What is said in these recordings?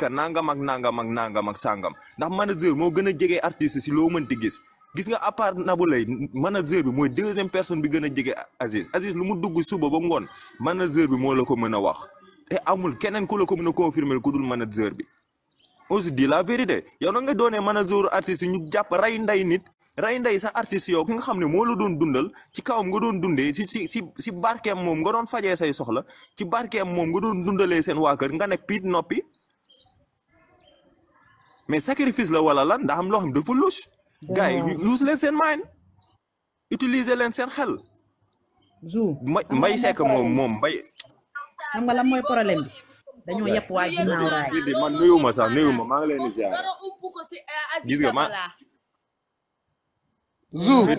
que nangam ak nangam ak nangam ak sangam ndax manager moo gën a jege artiste si loo mënti gis gis nga à part Nabou Leye manager bi mooy deuxième personne bi gën a jege Aziz Aziz lu mu dugg suba ba ngoon manager bi moo la ko mën a wax te amul keneen ku la ko mën a confirmer ku dul manager bi. aussi di la vérité yow na nga doonee manager artiste ñu jàpp rey nday nit rey nday sa artiste yow ki nga xam ne moo la doon dundal ci kawam nga doon dundee si si si si barkeem moom nga doon fajee say soxla ci barkeem moom nga doon dundalee seen waa kër nga ne piit noppi. mais sacrifice la wala lan ndax am loo xam dafa louche. gars yi use leen seen moyen utiliser leen seen xel. zou mbay sekk moom moom mbay. xam nga lan mooy problème bi. dañoo yëpp waa ginnaaw man nuyu ma sax nuyu ma maa ngi leen di ziar. gis nga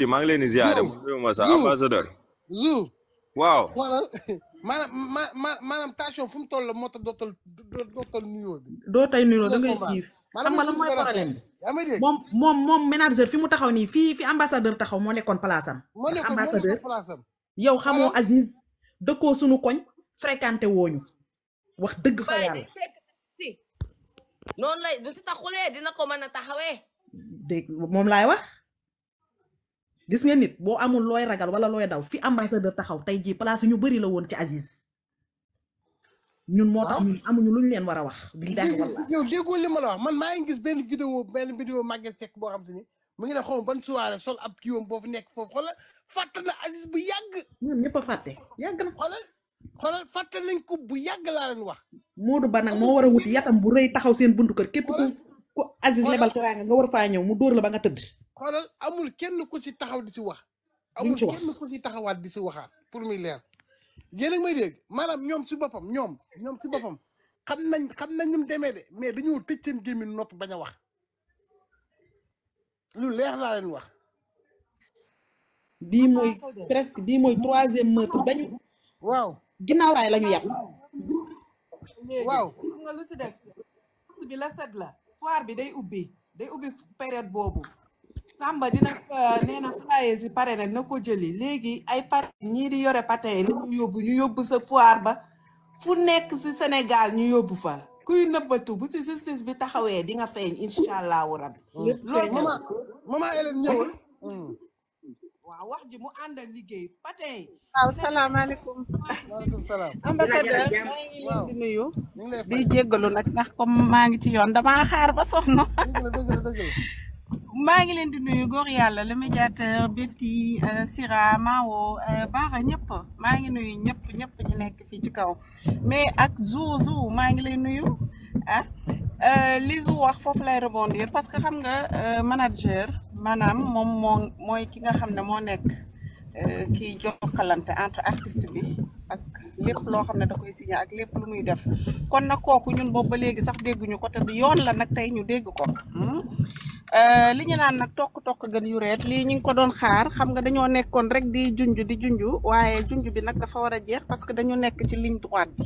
maa ngi leen di ziar nuyu ma sax ambassadeur. zou waaw. maanaam maanaam tension fu mu toll dootal dootal dootay nuyoo da siif. xam nga lan mooy problème bi moom moom moom fi mu taxaw nii fii fi ambassadeur taxaw moo nekkoon place am ambassadeur yow xamoo Aziz dëkkoo sunu koñ fréquenté wooñu wax dëgg fa yàlla noonu lay du si taxulee dina ko mën a taxawee dégg moom laay wax gis nga nit boo amul looy ragal wala looy daw fi ambassadeur taxaw tey jii place ñu bëri la woon ci Aziz ñun moo tax ñun amuñu luñu leen war a wax billahi wallahi yow li ma la wax man ma ngi gis ben vidéo ben vidéo Maguette sek bo xam tane mu ngi ne xom ban soirée sol ab kiwom bofu nek fofu foofu xoolal na Aziz bu yagg ñun ñepp a yagg na xoolal xoolal fàtte nañ ko bu yagg la leen wax Modou Ba nak mo wara wut yatam bu reuy taxaw seen buntu kër kep ku ko Aziz lebal teranga nga war fa ñew mu door la ba nga teud amul kenn ku ci taxaw di ci wax amul kenn ku ci taxawat di ci waxat pour mi leer yéen a ngi may dégg maanaam ñoom si boppam ñoom ñoom si boppam xam nañ xam nañ ñu demee de mais dañoo tëj seen gémmiñ nopp bañ a wax lu leex laa leen wax. bii mooy presque bii mooy troisième meurtre bañu. waaw ginnaaw raay la ñu waaw lu si des. bi la set la foire bi day ubbi day ubbi période boobu. Samba dina eh, nena fraise parena no ko jëli léegi ay partenaires yi yore patin ñu yóbbu ñu yóbbu sa foire ba fu nekk si Sénégal ñu yóbbu fa kuy nëbbatu bu si justice bi taxawee di nga feeñ incha allahu rabi. loolu maman maman Hélène hmm. wax ji mu àndal liggéey patin yi. waaw salaamaaleykum. di nuyu. di jéggalu comme maa ci yoon damaa xaar ba soxna. dëgg la dëgg la dëgg la. maa ngi leen di nuyu gor yàlla le médiateur Betty euh, Sira Mawo euh, Bara ñëpp maa ngi nuyu ñëpp ñëpp ñu nekk fii ci kaw mais ak Zouzou maa ngi lay nuyu ah euh, li Zou wax foofu lay rebondir parce que xam nga manager maanaam moom moo mooy ki nga xam ne moo nekk kiy jokkalante entre artiste bi ak lépp loo xam ne da koy signé ak lépp lu muy def kon nag kooku ñun boobu ba léegi sax dégguñu ko te yoon la nag tey ñu dégg ko hmm? Euh, li ñu naan nag tokk-tokk gën yu reet lii ñu ngi ko doon xaar xam nga dañoo nekkoon rek di junju di junju waaye junj bi nag dafa war a jeex parce que dañu nekk ci ligne droite bi.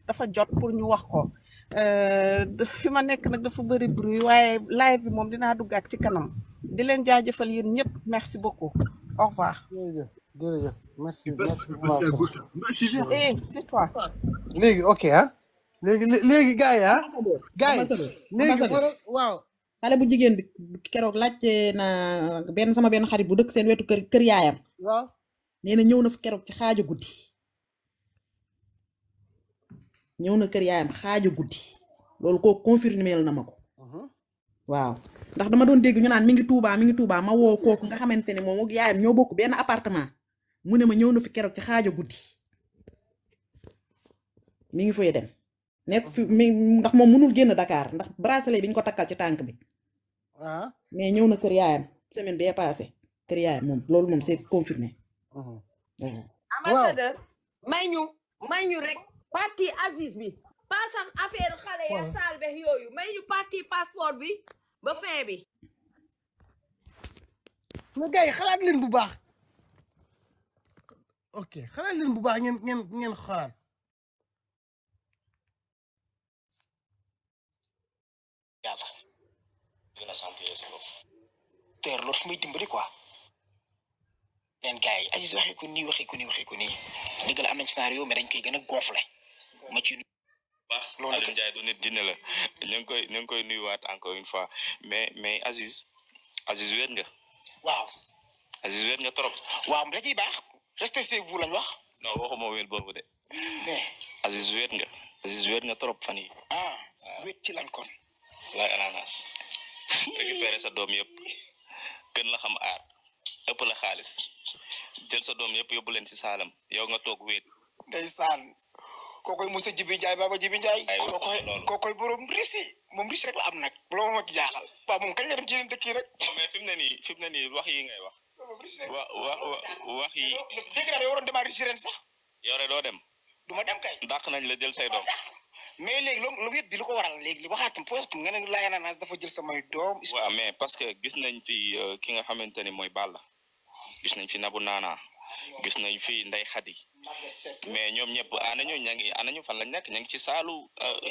dafa jot pour ñu wax ko euh, fi ma nekk nag dafa bëri bruit waaye live bi moom dinaa duggaat ci kanam di leen jaajëfal yéen ñëpp merci beaucoup au revoir. jërëjëf eh, léegi ok ah. léegi léegi gars yi ah. waaw. xale bu jigéen bi keroog laajte na benn sama benn xarit bu dëkk seen wetu kër kër yaayam. waaw na ñëw na fu keroog ci xaaju guddi. ñëw na kër yaayam xaaju guddi loolu koo confirmeel na ma ko uh-huh. waaw ndax dama doon dégg ñu naan mi ngi Touba mi ngi Touba ma woo kooku nga xamante ne moom ak yaayam ñoo bokk benn appartement mu ne ma ñëw na fi keroog ci xaaju guddi ngi fay dem nekk fi mi ndax moom mënul génn Dakar ndax bracelet bi ñu ko takkal ci tànk bi uh-huh. mais ñëw na kër yaayam semaine bee passé kër yaayam moom loolu moom see confirmé uh-huh. ambassadeur may ñu may ñu rek parti Aziz bi pas sax affaire xale ya saal beex yooyu may ñu parti passeport bi ba fin bi ma gars yi xalaat leen bu baax ok xalaat leen bu baax ngeen ngeen ngeen xalaat yàlla gën a sant sa bopp teer loolu fu may dimbali quoi leen gars yi Aziz waxee ko nii waxee ko nii waxee ko nii dëgg la am nañ scénario mais dañ koy gën a gonfler ma ci baax Alioune Ndiaye du la ñu ngi koy ñu ngi koy nuyuwaat encore une fois mais mais Aziz Aziz wéet nga. waaw. Aziz wéet nga trop. waaw da ciy baax restez chez vous lañ wax. non waxuma wéet boobu de. mais Aziz nga. Aziz wéet nga trop fan yi. ah wéet ci lan kon. laay ananas. récupéré sa doom yëpp gën la xam aar ëpp la xaalis jël sa doom yëpp yóbbu leen ci saalam yow nga toog wéet. ndeysaan. kookoy Moussa Jibi Ndiaye Baba Jibi Ndiaye. kookoy kookoy borom risi moom risi rek la am na loolu moo ci jaaxal. waaw moom kañ la dem ci yeneen dëkk nii fi mu nii wax yi ngay wax. wa wa wax yi. dégg da waroon demaat risi sax. yore doo dem. du ma dem kay. dàq nañ la jël say doom. mais léegi loolu loolu yëpp bi lu ko waral léegi li waxaatum post nga ne laaj naa dafa jël samay doom. waaw mais parce que gis nañ fi euh, ki nga xamante ni mooy Balla. gis nañ fi Nabou Nana gis nañ fi nday xadi mais ñom ñëpp anañu ah, ñangi anañu ah, fa lañ nek ñangi ci salu euh,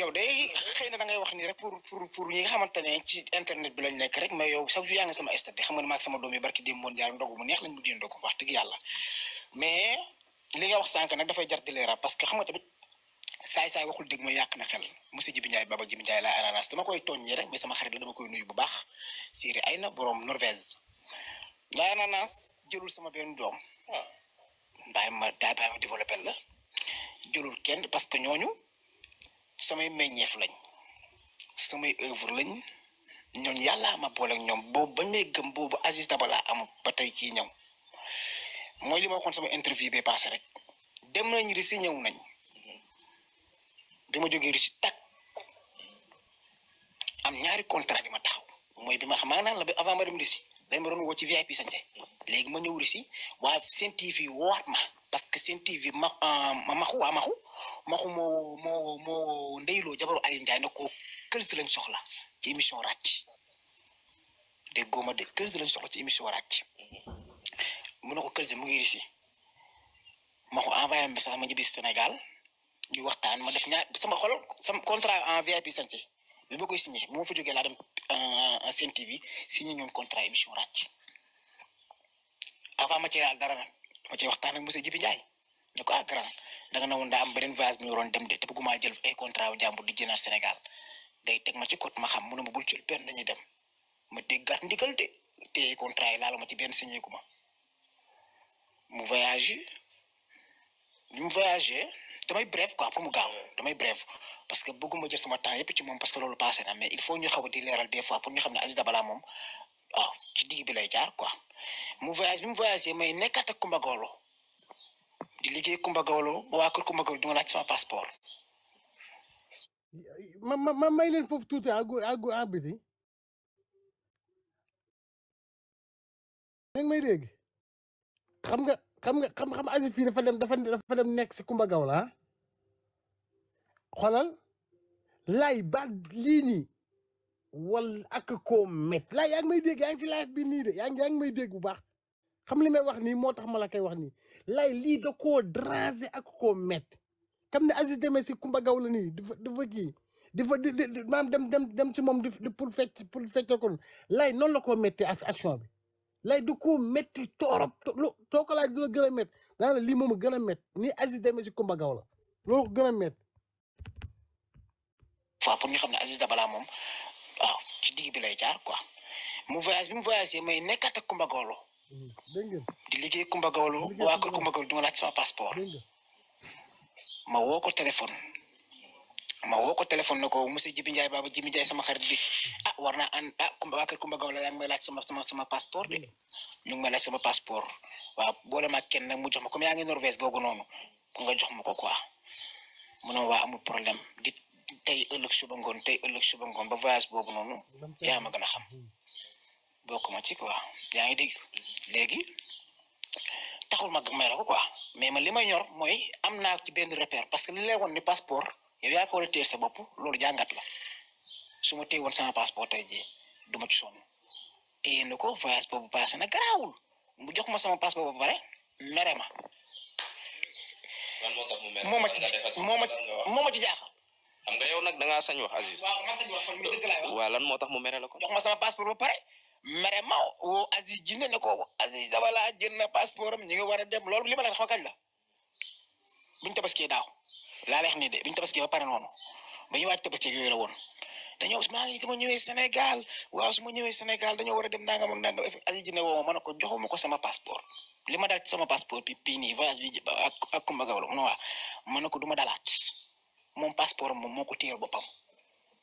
yow day xeyna da ngay wax ni rek pour pour pour ñi nga xamantene ci internet bi lañ nek rek mais yow sax yu nga sama estate xam nga ne maag sama doom barki dem mon jaar ndogu mu neex lañ mujjee ndogu wax deug yalla mais li nga wax sank nak da fay jar di leeral parce que xam nga tamit say say waxul deug ma yak na xel musse Jibi Ndiaye baba Jibi Ndiaye laa ananas dama koy tooññi rek mais sama xarit la dama koy nuyu bu baax Siri Ayna borom Norvège laa ananas jurul sama ben dom bàyyi ma daay bàyyi ma développé la jurul kenn parce que ñooñu sama meññeef lañ sama œuvre lañ ñoon yalla ma bol ak ñom bo ba may gëm bu Aziz Dabala am ba tey kii ñëw mooy li ma waxoon sama interview be passé rek dem nañu ri risi ñew nañ bi joggé ri risi tak am ñaari contrat bi ma taxaw moy bima xam maa naan la avant ma dem ri dañ ma doon wo ci VIP sañse léegi ma ñëwul si wa seen TV woowaat ma parce que seen TV ma ma ma waa ma maxu mo mo mo ndeyloo jabaru Aliou Ndiaye ne ko këls lañ soxla ci émission ràcc déggoo ma de këls lañ soxla ci émission ràcc mu ne ko këls mu ngi risi maxu envoyé message ma ñibbi Sénégal ñu waxtaan ma def ñaar sama xol sama contrat en VIP santé bi ma koy signé bi ma fa jógee laa dem euh, seen TV signé ñoom contrat émission ràcc avant ma cee ak dara na ma ci waxtaan ak monsieur djibi ndjay ñu akra da nga nawu daa am beneen vase bi nga waroon dem de te buguma jël ay contrat wu jambu di jëna Sénégal day tek ma ci côte ma xam mu ma bul ci ben dañuy dem ma déggaat ndigal de te contrat yi laal ma ci ben signé gu ma mu voyagé ñu mu voyagé damay bref quoi pour mu gaaw damay bref parce que buguma jël sama temps yépp ci mom parce que lolu passé na mais il faut ñu xaw di léral des fois pour ñu xam ne Aziz Dabala moom waaw ci digg bi lay jaar quoi. mu voyage bi mu voyagé may nekkaat ak Kumba Gawlo di liggéey Kumba Gawlo ba waa Kumba Gawlo di ma laaj sama passeport. may leen foofu tuuti àggu àggu àbbiti yaa ngi may xam nga xam nga xam-xam Aziz fii dafa dafa nekk si Kumba Gawlo ah xoolal laay baat wala ak koo met laa yaa ngi may dégg ci live bi nii de yaa ngi may dégg bu baax xam li may wax nii moo tax ma la koy wax nii lay lii da koo ak koo met xam ne Aziz demee si Kumba Gaw la nii dafa dafa kii dafa dem dem dem ci moom di pour fecc pour fecce ko lay noonu la koo métti action bi lay du koo métti torop too ko laaj du la gën a mét daanaka lii moom a gën a met nii Aziz demee si Kumba Gaw la gën a mét. waaw pour ñu xam ne Aziz Dabala moom. waaw ah, ci digg bi lay ya jaar quoi mu voyage bi mu voyagé kumbagolo. nekkat ak Kumba Gawlo di liggéey Kumba ma laaj sama passeport ma woo ko téléphone ma woo ko téléphone na ko monsieur Jibi Ndiaye baba Jibi Ndiaye sama xarit ah warna an. ah Kumba kumbagolo yang Kumba sama sama sama paspor. de ñu mm. ngi sama paspor. waaw boole ma kenn nag mu jox ma comme yaa ngi Norvège googu noonu nga problem. ma tay ëllëg suba ngon tay ëllëg suba ngon ba voyage bobu nonu ya ma gëna xam bokuma ci quoi ya ngi deg legi taxul ma may la ko quoi mais ma limay ñor moy amna ci benn repère parce que li lay won ni passeport yow ya ko war sa bop lolu jangat la suma ma won sama passeport tay ji duma ci son téye nako voyage bobu passé na grawul mu jox ma sama passeport bobu bare merema ma. ci ci xam nga yow nag da sañ wax Aziz. waaw ma sañ wax mi dëgg laa wax. waaw lan moo mu mere la ko. jox ma sama passeport ba ma Aziz jinne ne Aziz dama laa jënd na passeport dem loolu li la xam la biñ tabaskee daaw laa leex nii de biñ tabaskee ba pare noonu ba ñu waaj tabaskee la woon dañoo maa ngi su ma Sénégal waaw su ma Sénégal dem ndàngam ak ndàngam Aziz jinne woo ma ne joxuma ko sama passeport li dal sama passeport bi pii voyage bi ak ak Kumba Gawlo mu ne ma moom passeport mom moko ko bopam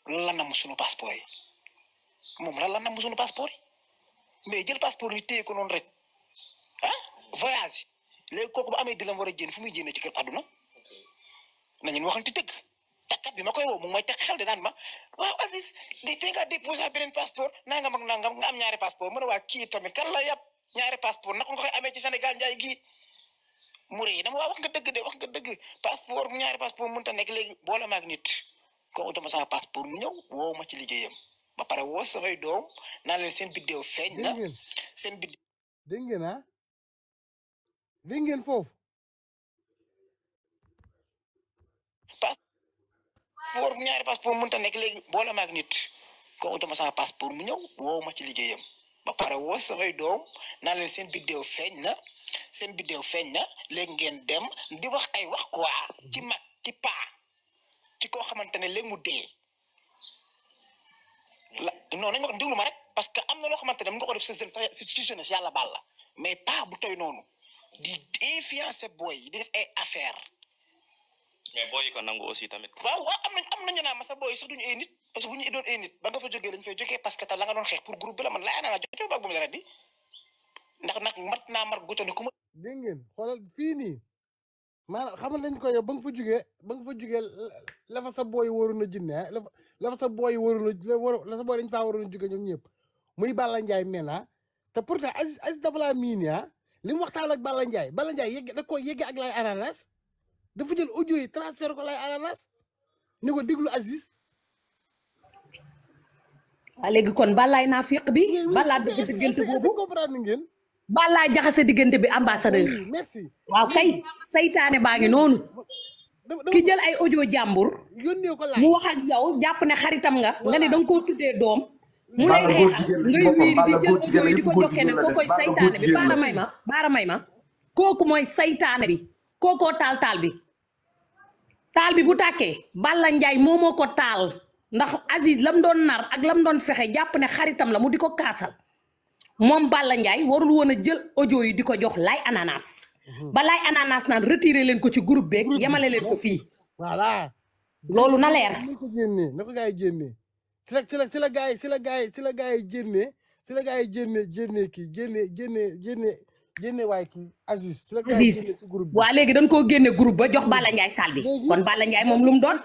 lan la nam suñu passeport yi ya. la lan la nam suñu passeport mais jël passeport yi téye ko non rek ah voyage léegi kooku ame amee di lam war a jéem ci kër aduna nañu waxanti waxante dëgg takkat bi makoy oh, wo mo may de nan ma wa Aziz di tey nga déposé benen passeport nangam ak nangam nga am ñaari passeport mëna a ki tamit kan la yàpp ya, ñaari passeport naka ko koy ci Sénégal njaay gi mu rëy dama waa wax nga dëgg de wax nga dëgg passeport mu ñaari passeport mënut a nekk léegi boole maag nit kooku dama sama passeport mu ñëw woo ma ci liggéeyam ba pare woo samay doom naan leen seen biddéew feeñ na seen bid dégg ngeen ah ngeen foofu passeport mu ñaari passeport mënut a nekk léegi boole maag nit kooku dama sama passeport mu ñëw woo ma ci liggéeyam ba pare woo samay doom naan leen seen biddéew feeñ na sen bidew feeñ leg ngeen dem di wax ay wax quoi ci mhm. mag ci pa ci ko xamantene ne mu dee non nañu ma ko déglu ma rek parce que amna lo xamantene xamante ne nga ko def ce jeune ci yalla balla mais pa bu toy nonu di influencer boy di def ay affaire mais boy ko nangu aussi tamit. wa wa am nañ am nañu naa masa boy sax duñu ay nit parce que buñu idon doon ay nit ba nga fa joggé dañ fay joggé parce que ta la nga don xex pour groupe bi la man la na la jottu ba bu mu la di ndax nak mat na mar guddoon kuma dingin ngeen fini, man xam nañ ko yow bang fa jugge bang fa jugge la fa sa boy waroon na jinne la fa sa boy waroon la sa boy dañ fa waroon a jugee ñoom muy Balla Ndiaye mena te pourtant Aziz Aziz dafa laa miin ah, li mu waxtaan ak Balla Ndiaye Balla Ndiaye yegg da ko yegg ak lay ananas fa jël audio yi transfer ko lay ananas ni ko diglu Aziz. waaw léegi kon Balla naa féq bi. Balla dëgg dëggante boobu Bala jaxase digënté bi ambassadeur waaw kay saytaane baangi nonu ki jël ay audio jàmbur mu wax ak yow japp né xaritam nga nga ne dang ko tuddé dom mu lay ngay di jël audio di ko jokkee né kokoy saytaane bi baara mayma ma baara may ma kooku bi koko tal tal bi tal bi bu také Balla Ndiaye momoko tal ndax Aziz lam doon nar ak lam doon fexé japp né xaritam la mu diko kassal moom Balla warul woon a jël audio yi di ko jox Laye Ananas. Mhm. ba Laye Ananas naan retiré leen ko ci groupe beeg yemale leen ko fii. voilà. loolu na leer. na ko génnee na ko la si la si la gars yi si la gars yi si la gars yi génnee si la gars yi génnee génnee kii génnee génnee génnee génne waaye la gars yi génne si groupe koo génne groupe ba jox Balla Ndiaye saal bi kon Balla moom lu mu doon.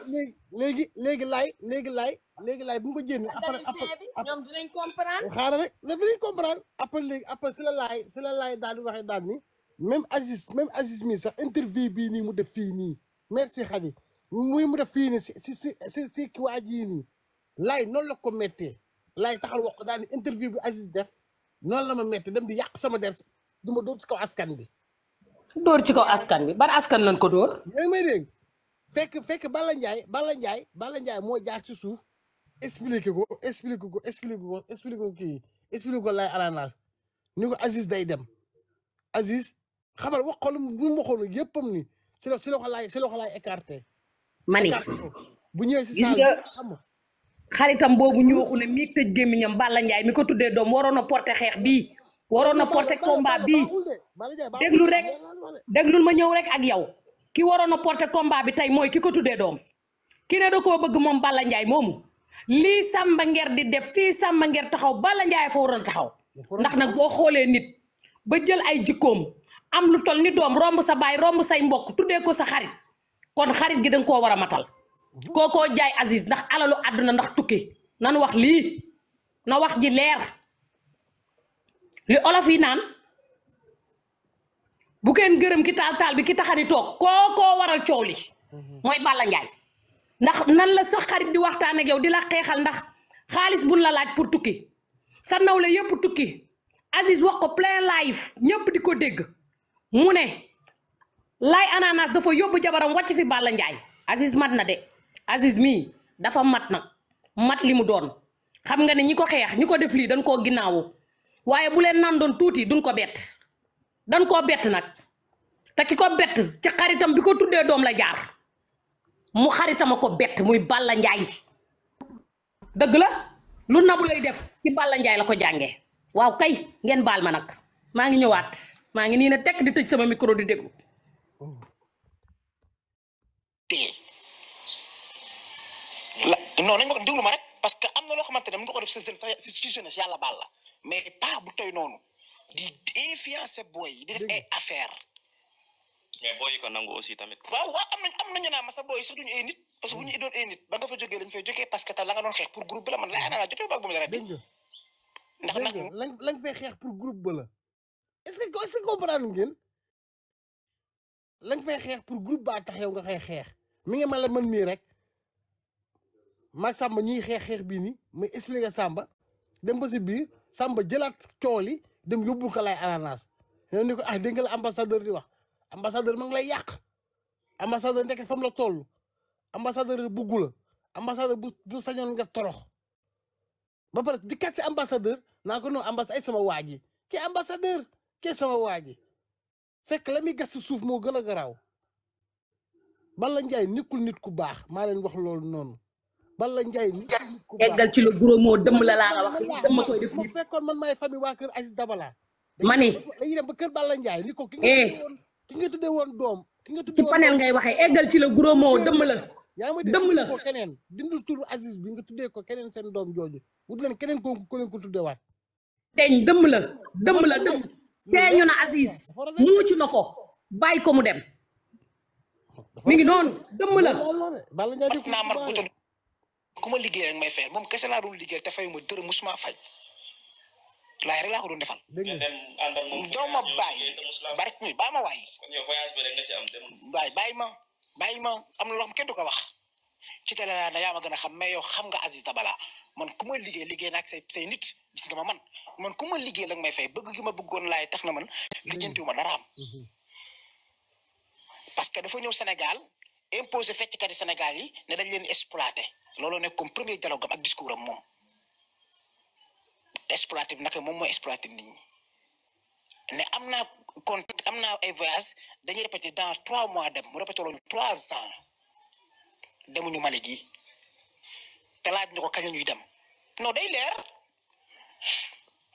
léegi léegi laay léegi laay léegi laay bu ñu ko génne. après après ñoom dinañ comprendre. xaaral rek ne dinañ comprendre après si la laay si la daal di waxee daal ni même Aziz même Aziz mii sax interview bii nii mu def fii nii merci Khady muy mu def fii nii si si si ji nii laay noonu la ko méttee laay taxal wax ko daal ni interview bi Aziz def noonu la ma méttee dem di yàq sama der du ma dóor ci kaw askan bi. door ci kaw askan bi ban askan lañ ko dóor. yaa fekk fekk Balla Ndiaye Balla Ndiaye Balla Ndiaye moo jaar ci suuf expliqué ko expliqué ko expliqué ko expliqué ko ko lay aranaas ni ko Aziz day dem Aziz xamal wax ko lu mu waxoon yëppam ni si la si la ko si la laay écarté. ma bu ñëwee si saa xam xaritam boobu ñu waxu ne mi tëj gémmiñam Balla Ndiaye mi ko tuddee doom waroon a porté xeex bii. waroon a porté combat bii déglu rek déglul ma ñëw rek ak yow. ki waroon no porter combat bi tay moy kiko tuddé dom ki né dako bëgg mom Balla Ndiaye mom li Samba Nguer di def fi Samba Nguer taxaw Balla Ndiaye fa waroon taxaw ndax nak bo xolé nit ba jël ay jikkoom am lu toll ni dom romb sa bay romb say mbokk tuddé ko sa xarit kon xarit gi dang ko wara matal mhm. koko jay Aziz ndax alalu aduna ndax tukki nan wax li na wax ji leer li olof yi nan bu kenn gërëm ki taal taal bi ki taxani toog koo waral coow li mooy Balla Ndiaye ndax nan la sax xarit di waxtaan ak yow di la xeexal ndax xaalis buñ la laaj pour tukki sa la yëpp tukki Aziz wax ko plein live ñëpp di ko dégg mu ne laay ananas dafa yóbbu jabaram wàcc fi Balla Ndiaye Aziz mat na de Aziz mii dafa mat na mat li mu doon xam nga ne ñi ko xeex ñi ko def lii dañ koo ginnaawu waaye bu leen nandoon tuuti duñ ko bett dan ko bet nak, ta ki ko bett ci xaritam biko tuddé dom la jaar mu xaritam ko bet muy Balla Njaay deug la lu nabu lay def ci Balla Njaay la ko jangé waw kay ngeen bal ma nak ma ngi ñëwaat ma ngi ni na tek di tej sama micro di déglu non nañ ma ko déglu ma rek parce que am na loo xamante ne mu nga ko def ci jeunesse yalla baal la mais pas bu tay nonou di influence boy di def ay affaire mais ya, boy ko nangu aussi tamit waaw waaw am nañ am nañu naa masa boy sax duñu ay nit parce que bu bangga ay nit ba nga fa jógee lañ fay jógee parce que tam la nga doon xeex pour groupe la man laa naa jotee baag bu mu dara ndax nag lañ fay xeex pour groupe ba la est ce que est ce que comprendre ngeen lañ fay samba ñuy xeex samba dem ba dem yobul ko lay ananas ñu ni ko ah dégg la ambassadeur di wax ambassadeur ma ngi lay yak ambassadeur nek fam la tollu ambassadeur buggu ambassadeur bu sañon nga torox ba par di kat si ambassadeur na ko no ambass sama waji ki ambassadeur ki sama waji fek fekk gass suuf moo gën a nit ku bax ma leen wax lolou nonu Balla Ndiaye nit ku baax eggal ci la gros mot dëmm la laa wax dëmm koy def nit. fekkoon man may famille waa kër Aziz Dabala. ma ni dañuy dem ba kër Balla Ndiaye ni ko. ki nga eh. tuddee woon doom. ki nga tuddee woon ci panel ngay waxee ci la gros mot dëmm la. yaa ngi dëmm la ko keneen bi nga tuddee ko keneen seen doom jooju wut leen keneen ko ko leen ko tuddeewaat. teñ dëmm la dëmm la dëmm. seeñu na Aziz muucu na ko bàyyi ko mu dem. mu ngi noonu dëmm la. kuma ma liggéey rek may fayal moom kese laa doon liggéey fay mo deur musuma fay la rek la ko doon defal. doo ma bàyyi barke mi bàyyi ma waay. waay bàyyi ma bàyyi ma am na loo xam kenn duko wax ci tele la da yama gëna xam may yow xam nga Aziz tabala man kuma ma liggéey liggéey naa say say nit gis nga ma man man kuma ma liggéey rek may fay bëgg gi ma bëggoon lay tax na man lijjantiwuma dara am. Mm-hmm. parce que dafa ñew Sénégal imposé fecckat kat Sénégal yi né dañ leen exploiter looloo nekk comme premier dialogue am ak discours am moom exploité bi naka moom moo exploité nit ñi ne am na compte am naa ay voyage dañuy répété dans trois mois dem mu répété loolu trois ans demuñu Mali gi te laaj ñu ko kañ ñuy dem non day leer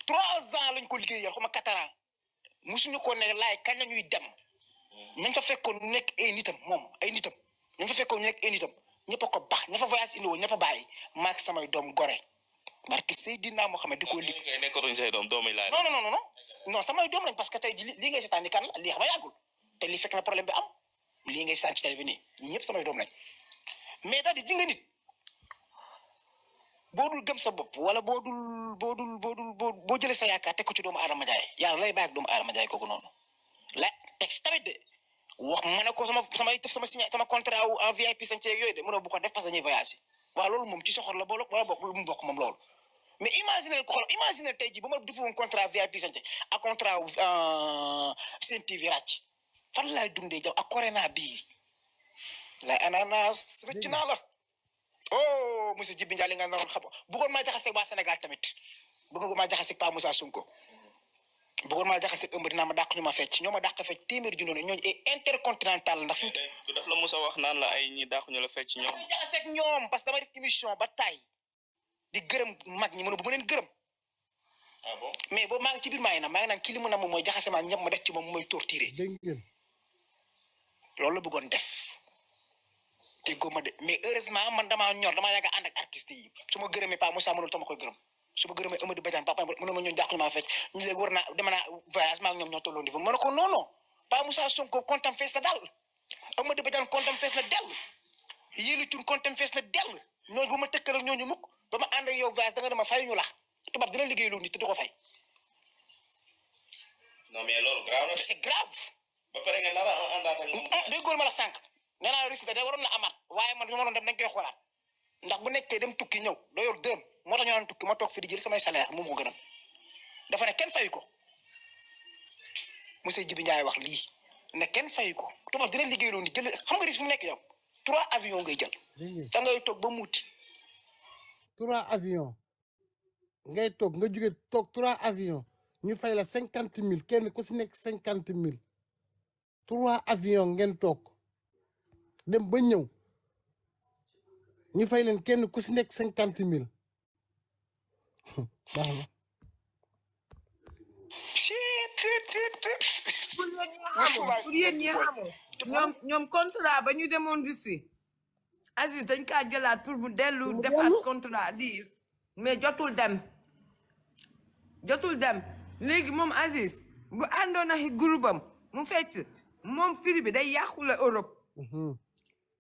trois ans lañ ko liggéeyal xuma quatre ans musuñu ko ne lay kañ ñuy dem ñañ hmm. fa fekkoon nekk ay nitam moom ay nitam ñañ fa fekkoon nekk ay nitam ñepp ko bax ñafa voyage indi wo ñafa bàyyi mak samay dom goré barki sayidina mohammed di ko lig nekkatuñ say dom doom yi non non non non non samay dom lañ parce que tay ji li ngay seetaan ni kan li xama yagul te li fekk na problème bi am li ngay seetaan ci télé bi nii samay dom lañ mais daal di ji nit boo dul gëm sa bop wala boo dul boo dul boo dul boo jëlee sa yaakaar teg ko ci dom aadama jaay yàlla lay bàyyi ak doomu aadama jaay kooku noonu la teg si tamit wax ma ne ko sama samay def sama signé sama contrat wu en VIP sañ ceeg yooyu ko def parce que dañuy loolu moom ci soxor la boole wala bokk lu mu bokk moom loolu mais imaginer ko xool imaginer tey jii ba ma defoon contrat VIP sañ ak contrat wu euh, seen TV ràcc fan laay dundee jaw ak corona bii lay ananas rëcc naa la oh monsieur Djibi Ndiaye li nga naroon xam maa jaxase waa Sénégal tamit bëggoon maa jaxase Pa Moussa Sonko bëggoon maa jaxase ëmb dinaa ma dàq ñu ma fecc ñoo ma dàq fecc téeméer ju noonu ñooñu et intercontinental ndax fi mu daf la musa wax naan la ay ñi dàq ñu la fecc ñoom damay jaxase ak ñoom parce que def émission ba tay di gërëm mag ñi mënu bu ma leen gërëm ah bon mais boobu maa ngi ci biir maa ngi naan maa ngi naan kii li mu ne moom mooy jaxase maa ñëpp ma def ci moom mooy torturer loolu la bëggoon def te góob ma de mais heureusement man dama ñor dama yàgg ànd ak artiste yi su ma gërëmee Paa mënul tama koy gërëm su ma gërëmee Amadou Badiane papa mënoo ñu ñëw jàpp maa fecc ñu lég warna dama na voyage ma ngi ñoom ñoo tolloo niveau ma ne ko non non Pa Moussa Sonko kontam fess na dal Amadou Badiane kontam fess na dell Yéli iya tun kontam fess na dell ñoo bu ma tëkkal ak ñooñu mukk ba ma ànd ak yow voyage da nga dama ñu la tubab dina liggéey lu nit te duko fay. non mais lolu grave c'est grave. ba paré nga nar a àndaat ak mm, eh, ma la sank nee risque da waron na amat waye man ñu mënon dem dañ koy xolaat ndax bu nekké dem tukki ñew do yor dërëm moo tax ñu naan tukki ma toog fi di jël samay salaire moom moo gënal dafa ne kenn fayu ko monsieur Djibi Ndiaye wax lii ne kenn fayu ko tubaab dina liggéeyaloon di jël xam nga risque fu mu trois avion ngay jël. da ngay toog ba muuti. trois avions ngay toog nga jóge toog trois avions ñu fay la cinquante mille kenn ku si nekk cinquante mille trois avions ngeen toog dem ba ñëw ñu fay leen kenn ku si nekk cinquante mille. baax na. pour yéen ñi xamoo pour yéen ñi xamoo ñoom ñoom contrat ba ñu demoon di si. Aziz dañ kaa jëlaat pour mu dellu defaat contrat lii mais jotul dem jotul dem léegi moom Aziz bu àndoon ak groupe am mu fekk moom firi bi day yàqule Europe. Mhm.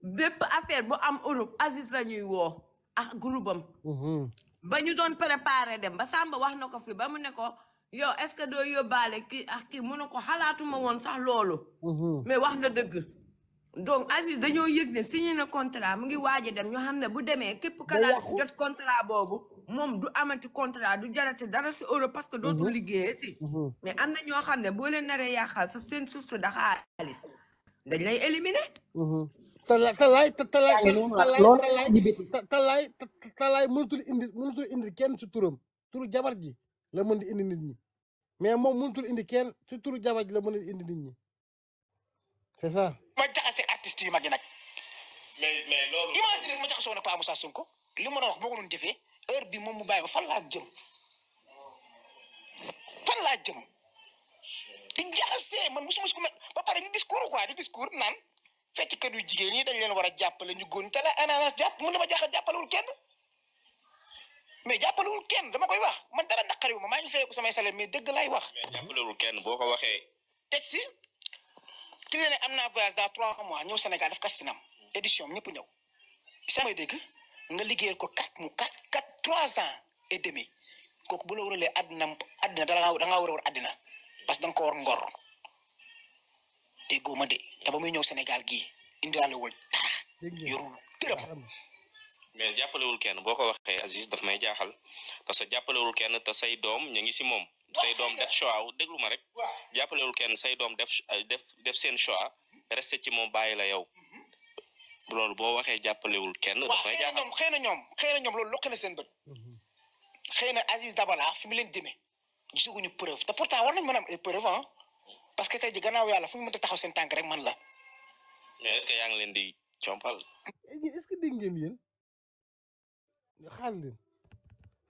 bépp affaire bu am Europe Aziz la ñuy woo ak groupe am. Mhm. ba ñu doon préparer dem ba Samba wax na ko fi ba mu ne ko yow est-ce que doo yóbbaale kii ak kii mu ne ko xalaatuma woon sax loolu. Mhm. mais wax nga dëgg. donc Aziz dañoo yëg ne si signé ne contrat mu ngi waaj a dem ñoo xam ne bu demee képp ka daal jot contrat boobu. moom du amati contrat du jarati dara si euro parce que dootul mhm. liggéeyati. Mhm. mais am na ñoo xam ne boo leen naree yàqal sa seen suuf su da xaalis dañ lay éliminer. talaay talaay talaay talaay talaay mënatul indi mënatul indi kenn ci turam turu jabar ji la mën di indi nit ñi mais moom mënatul indi kenn ci turu jabar ji la mën indi nit ñi c'est ça. ma jaxase artistes yu mag yi nag. mais mais loolu. imagine ma jaxasoo na Pa Moussa Sonko li ma wax moo ko doon jëfee heure bi moom mu baay ba fan laa jëm fan jëm. c'est man musuma ko ba pare ni discours quoi di discours naan ke du jigéen ñi dañ leen wara a ñu góon te la ananas japp mu na jaxal jappalul kenn mais jappalul kenn dama koy wax man dara wu ma maa ngi fayeeku samay salaire mais deug lay wax. jappalul kenn boko ko taxi teg si ki ne am voyage dans 3 mois ñeu Sénégal def kastinam édition ñep ñëpp ñëw. sax dégg nga liggéeyal ko 4 mu 4 4 3 ans et demi kooku bu la waralee adna adna da nga war a war àddina parce ko wor ngor. déggoo ma de te ba muy ñëw Sénégal gii indiwaalewul dara. yorul dërëm. mais jàppalewul kenn boo ko waxee Aziz daf may jaaxal parce que jàppalewul kenn say doom ñu ngi si moom say doom def choix déglu ma rek jàppalewul kenn say doom def def def seen choix resté ci moom bàyyi la yow mm-hmm. loolu boo waxee jàppalewul kenn. daf xëy na ñoom xëy na ñoom loolu lokk na seen bët. Mm-hmm. xëy na Aziz Dabala leen demee gisaguñu preuve te pourtant war nañ mën a preuve ah. parce que tay ji gannaaw yalla fu mu mënta taxaw sen tank rek man la. mais est ce que yang len di chompal est ce que deg ngeen yéen xaar leen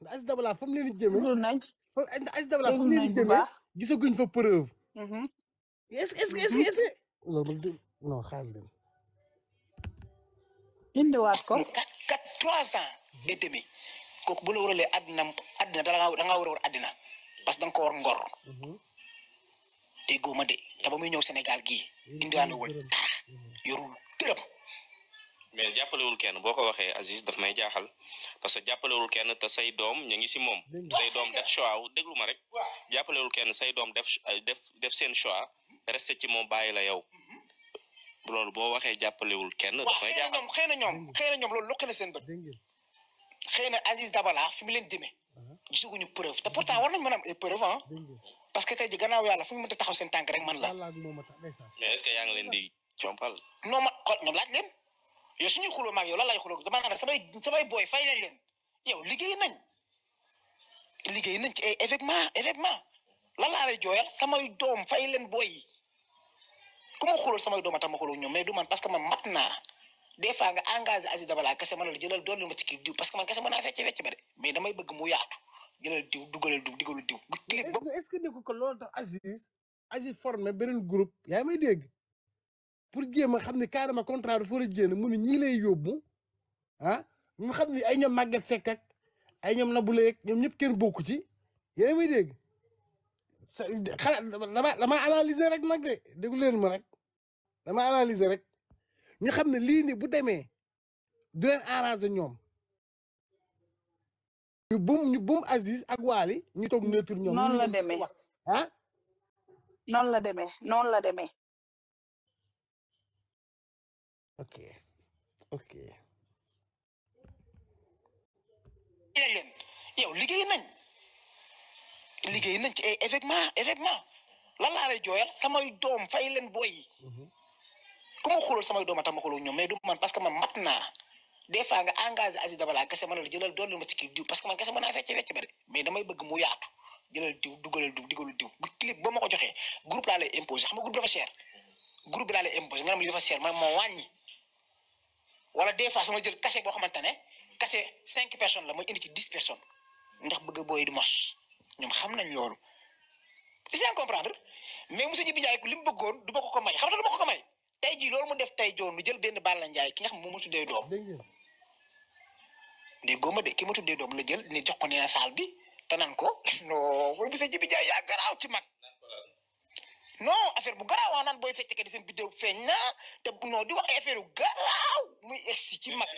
ndax Aziz dabla fu mu len di jeme déglu nañ Aziz Dabala fa mu len di jëmee gisaguñ fa preuve. hmm est ce que est ce que est ce. que non non xaar leen. indiwaat ko. quatre quatre trois ans et demi kooku bu la waralee adina adina da nga da nga war adina parce que da ko war ngor. déggoo ma de te ba muy ñëw Sénégal gii indiwaale wul dara yorul dërëm. mais jàppalewul kenn boo ko waxee Aziz daf may jaaxal parce que jàppalewul kenn say doom ñu ngi si moom say doom def choix déglu ma rek jàppalewul kenn say doom def def def seen choix resté ci moom bàyyi la yow loolu boo waxee jàppalewul kenn daf may jaaxal xëy na ñoom xëy ñoom loolu lokk na seen bët xëy na Dabala fi leen demee gisuguñu preuve te pourtant war nañ mën a am ay ah. Pas que tey ji gannaaw yàlla fu ñu mënta taxaw seen tànk rek man la. mais est ce que leen di jompal. non ma xool ñoom laaj leen yow suñuy xuloo maag yow lan lay xuloo dama naan samay samay booy fay leen leen yow liggéey nañ liggéey nañ ci ay événement événement lan lay jooyal fay leen man parce que man nga Aziz Dabala kese ma la jëlal ma ci diw parce que man kasse man fecc fecc ba mais damay bëgg mu yaatu. jëlal diw dugalal diw digalu diw. est-ce que nekku ko loolu tax Aziz Aziz formé beneen groupe yaa may dégg pour jéem a xam ne carrément contrat dafa war a jéem mu ne ñii lay yóbbu ah mu xam ne ay ñoom Maguette Seck ak ay ñoom Nabou Leye ñoom ñëpp kenn bokku ci yaa may dégg sa xalaat dama dama analyser rek nag de déglu leen ma rek dama analyser rek ñu xam ne lii nii bu demee du leen arranger ñoom. ñu bum ñu bum Aziz ak Waly ñu toog neutre ñoom. noonu la demee ah. noonu la demee noonu la demee. ok ok. yéen yow liggéey nañ liggéey nañ ci effectivement effectivement lan laa lay jooyal samay doom fay leen booy yi. Mhm. ku ma samay doom a tax ma ñoom mais du man parce que man mat des fois nga engagé Aziz Dabala kese man la jëlal dolli ma ci kii diw parce que man kasse mën naa fecce wecc bari mais damay bëgg mu yaatu jëlal diw dugalal diw digalal diw clip ba ma ko joxee groupe la lay imposer xam nga groupe dafa cher groupe bi lay imposer nga am li fa cher man mo wañi wala des fois sama jël kasse bo xamantane ne 5 personnes la moy indi ci 10 personnes ndax bëgg boy di mos ñom xam nañ loolu c'est comprendre mais monsieur Djibi Ndiaye li mu bëggoon du bako ko may xam nga du bako ko may tay ji lolou mu def tay joon mu jël ben Balla nday ki nga xam mo mu tuddé dom dégg goma de ki mu tuddé dom la jël ni jox ko nee na bi te nan ko non bu bisa jibi jaay ya graw ci mak no affaire bu graw nan boy fecc ke di sen biddew feeñ na te no di wax affaire graw muy ex ci mak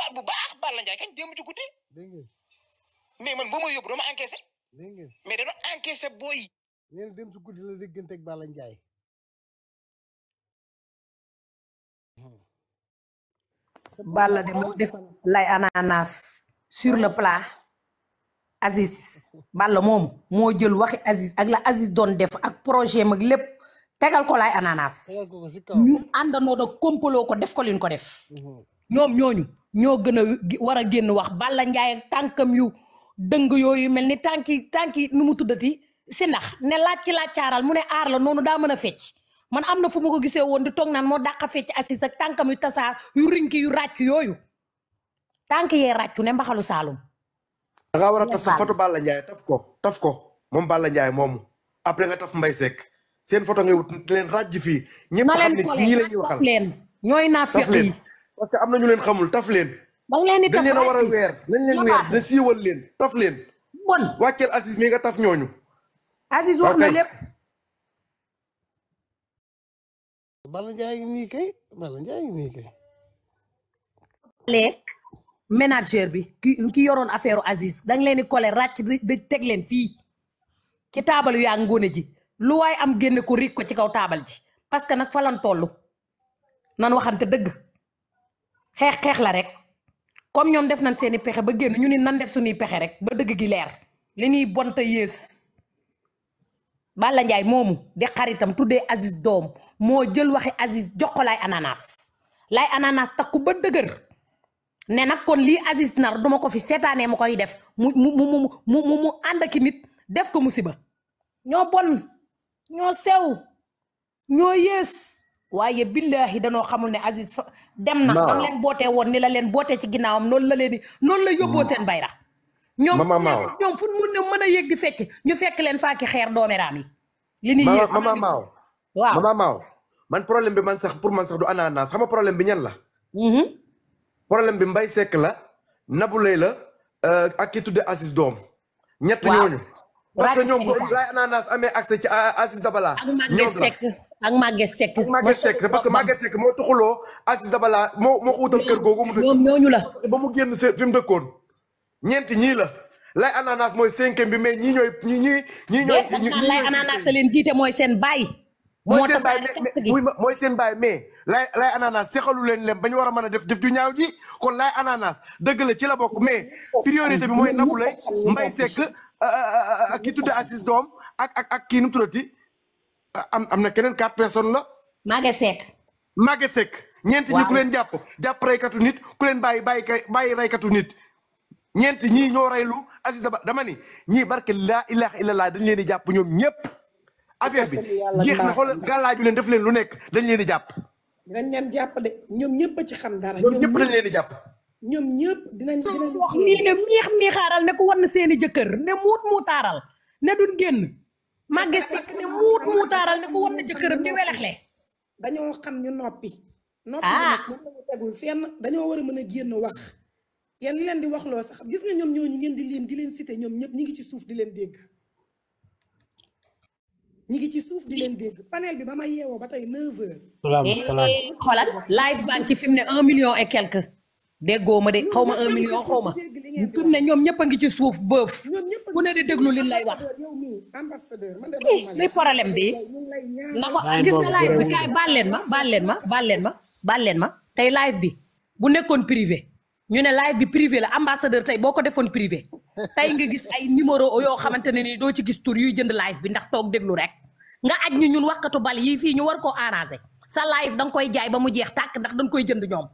ba bu baax Balla nday kañ dem ci guddi mais man buma yob dama encaisser mais dama encaissé booy. nee dem ci guddi la déggante ak Balla nday Balla de moo defal lay ananas sur le plat Aziz Balla moom moo jël waxi Aziz ak la Aziz doon def ak projet mag lépp tegal ko lay ananas ñu àndandoo da kompaloo ko def ko liñ ko def mhm. ñoom ñooñu ñoo gën a war a génn wax Balla Ndiaye tànkam yu dëng yooyu mel ni tànki tànki nu mu tuddati si ndax ne laaj ci laaj caaral mu ne aar la noonu daa mën a fecc man am na fu ma ko gisee woon di toog naan moo dàqa fee ci assis ak tànkam yu tasaar yu rinki yu ràcc yooyu tànk yee ràccu ne mbaxalu Saalum. da ngaa war a taf sa photo Balla Ndiaye taf ko taf ko moom Balla Ndiaye moomu après nga taf Mbaye Seck seen photo ngay leen ràcc fii. ñëpp xam ni ñii la ñuy waxal taf parce que am na ñu leen xamul taf leen. da leen di taf dañ war a weer dañ leen weer dañ siiwal leen taf leen. bon wàcceel Assis mi nga taf ñooñu. Assis wax na lépp. Balla Ndiaye ngi nii kay Balla Ndiaye ngi nii kay. leeg ménagère bi ki ki yoroon affaire Aziz da nga leen di coller ràcc di teg leen fii ci taabalu yaa ngoone ji lu waaye am génne ko rik ko ci kaw taabal ji parce que nag fa lan toll nan waxante dëgg xeex xeex la rek comme ñoom def nañ seeni pexe ba génn ñu ni nan def suñuy pexe rek ba dëgg gi leer li ñuy bonta yées Balla Ndiaye moomu di xaritam tuddee Aziz doom moo jël waxi Aziz jox ko Laye Ananas Laye takku ba dëgër ne nag kon lii Aziz nar duma ko fi seetaanee mu koy def mu mu mu mu ànd ak nit def ko musiba ñoo bon ñoo sew ñoo yées waaye billaahi danoo xamul ne Aziz dem na am leen bootee woon ni la leen boote ci ginnaawam noonu la leen di noonu la yóbboo seen bayra ñoom fu mun ne mën a yëg fekk ñu fekk leen faaki xeer doomeraam yi li ni yées waaw maaw man problème bi man sax pour man sax du ananas xam nga problème bi ñan la. Mhm. problème bi Mbaye Seck la Naboulaye la euh, ak ki tudde Aziz Doom. ñett ñooñu. parce que ñoom bu lay ananas amee accès ci Aziz Dabala. ak Maguette Seck ak Maguette Seck. ak Maguette Seck parce que Maguette Seck moo tuxuloo Aziz Dabala moo moo ko utal kër googu. mu dëkk ñooñu la. ba mu génn fi mu dëkkoon. ñeenti ñii la. lay ananas mooy cinquième bi mais ñii ñooy ñii ñii. ñii ñooy ñii ñooy lay ananas leen jiite mooy seen baay. moo tax mooy seen baay mais lay lay ananas leen lem ba ñu war a mën a def def ju ñaaw ji kon lay ananas dëgg la ci la bokk mais priorité bi mooy Nabou Leye Mbaye Seck euh, euh, euh, ki tudde Aziz doom ak ak ak kii nu mu tuddati am na keneen quatre personnes la. Maguette Seck. Maguette Seck. ñeent ñi ku leen jàpp jàpp raykatu nit ku leen bàyyi bàyyi kay bàyyi raykatu nit. ñeent ñii ñoo raylu Aziz dama ñi ñii barke laa ilaha illallah dañ leen di jàpp ñoom ñëpp. affaire bi jeex na xoolal gàllaaju leen def leen lu nekk dañ leen di jàpp. dinañ leen jàpp de ñoom ñëpp ci xam dara. ñëpp dañ leen di jàpp. ñoom ñëpp dinañ dinañ. wax nii ne miix ko war na seeni jëkkër ne muut muutaaral ne duñ génn. màgge sikk ne ko war na jëkkëram ne welaxle. dañoo xam ñu noppi. noppi ah. nag moom tegul fenn dañoo war a mën a génn wax. yéen leen di waxloo sax gis nga ñoom ñooñu ngeen di leen di leen cité ñoom ñëpp ñi ngi ci suuf di leen dégg ñi ngi ci suuf bi leen dégg panel bi ba ma yeewoo ba tey 9 heures. salaamaaleykum eh, xoolal live baa ci fi mu ne un million et quelque. déggoo ma de xaw ma un million xaw ma fi ne ñoom ñëpp a ngi ci suuf bëf ku ne déglu li lay wax. Eh, luy problème bi na ko gis nga live bi kaay baal leen ma baal leen ma baal leen ma baal leen ma tey live bi bu nekkoon privé ñu ne live bi privé la ambassadeur tey boo ko defoon privé tey nga gis ay numéro yoo xamante ne nii doo ci gis tur yuy jënd live bi ndax toog déglu rek. nga aj ñu ñun waxkatu bal yi fii ñu war koo arranger sa live da nga koy jaay ba mu jeex tàkk ndax dañ koy jënd ñoom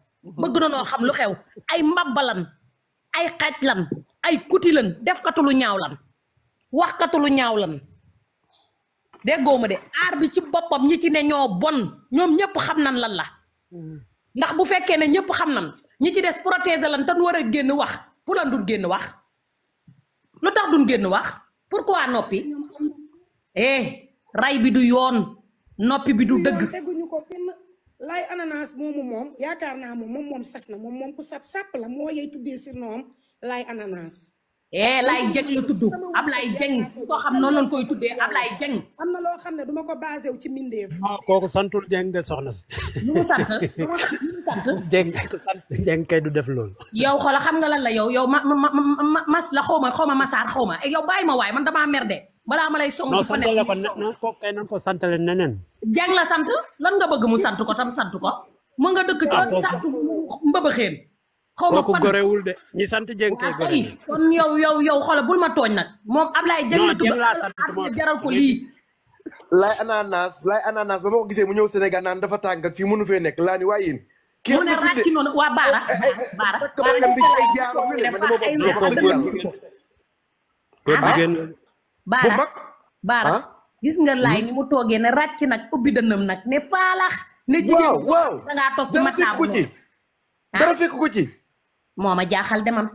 bëgg na noo xam lu xew ay mbabbalan ay xaj lan ay kuti lan defkatu lu ñaaw lan waxkatu lu ñaaw lan déggoo ma de aar bi ci boppam ñi ci ne ñoo bon ñoom ñëpp xam nan lan la ndax bu fekkee ne ñëpp xam nan ñi ci des protéger lan tan war a génn wax pour lan dun génn wax lu tax dun génn wax pour pourquoi noppi eh! ray bi du yoon noppi bi du dëgg. teguñu ko fenn lay ananas moomu moom yaakaar naa moom moom moom saf na moom moom ku sap sap la moo yey tuddee si noom lay ananas. eh lay jeng la tudd Ablaye Jeng su xam noonu lañ koy tuddee Ablaye Jeng. am na loo xam ne duma ko basé wu ci mindeef. ah kooku santul Jeng kay du def loolu. yow xoola xam nga lan la yow yow ma ma ma la xaw ma xaw ma masaar xaw ma eh, yow bàyyi ma waaye man damaa mer de. bala ma lay song non santale ko ko kay nan ko santale nenen jang la sant lan nga bëgg mu sant ko tam sant ko mo nga dëkk ci tax xeen xawma fa ko rewul de ñi sant jeng kay gore kon yow yow yow xol bul ma togn nak mom ablay jeng la tuba jaral ko li lay ananas lay ananas ba ko mu ñew senegal nan dafa tang ak fii mënu fe nek la ni waaye mu ne ràcc noonu waa baara baara baara baara baara ah? gis nga laay hmm? ni mu toogee ne ràcc nag ubbi dënnam nag ne faalax ne jigéen waaw da toog ci mataabu ko ci ah? dara fekk ko ci moo ma jaaxal de man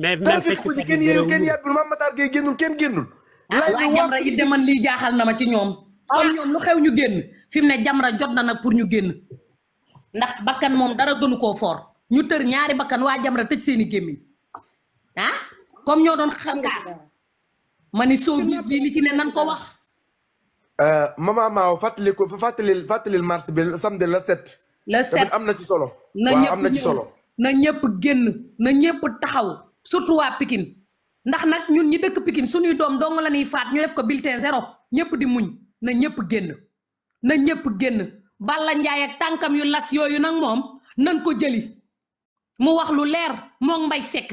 mais dara fekk ko ci kenn yéen kenn yàbbul maam Matar génnul kenn génnul ah, jaaxal na ma ci ñoom kon xew ñu génn fi ne jamra jot na nag pour ñu génn ndax bakkan moom dara gënu koo foor ñu tër ñaari bakkan waa jamra tëj seeni gémmiñ ah comme ñoo doon xangaar man ni soo bis bi li ci ne nan ko wax. Euh, maman Maw fàttali ko fàttalil fàttalil mars bi samedi la set. la set am na ci solo. am na ci solo. na ñëpp génn na ñëpp taxaw surtout waa Pikine ndax nag ñun ñi dëkk Pikine suñuy doom dong la ñuy faat ñu def ko bulletin zéro ñëpp di muñ na ñëpp génn na ñëpp génn bala Ndiaye tànkam yu las yooyu nag moom nan ko jëli mu wax lu leer moog Mbaye Seck.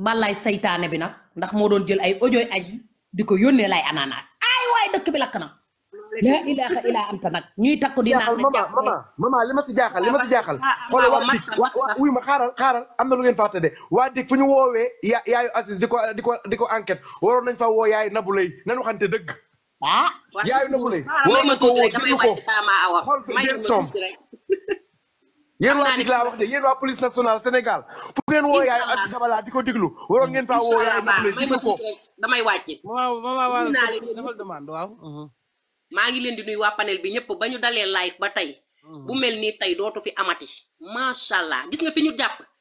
mbalaay seytaane bi nag ndax moo doon jël ay audio Aziz di ko yónnee lay ananas ay waay dëkk bi lakk na laa ilaaha illaa anta nag ñuy takk di naan maman maman li ma si jaaxal li ma si jaaxal ah, ah, ah, xoolal waa dik wuy ma xaaral xaaral am na lu ngeen fàtte de waa dik fu ñu woowee ya yaayu Aziz di ko di ko waroon nañ fa woo yaayu Nabou Leye nañu waxante dëgg ah yaayu Nabou Leye waroon nañ ko woo jëlu ko xool fi yéen waa dig laa wax de yéen waa police nationale Sénégal fu ngeen woo yaay di ko diglu waroon ngeen faa woo yaay Ndeye diglu ko damay wàcce. waaw waaw waaw defal mhm. maa ngi leen di nuyu waa bi ñëpp ba ñu dalee live ba tey. Mhm. bu mel nii tey dootu fi amati. macha allah gis nga fi ñu jàpp.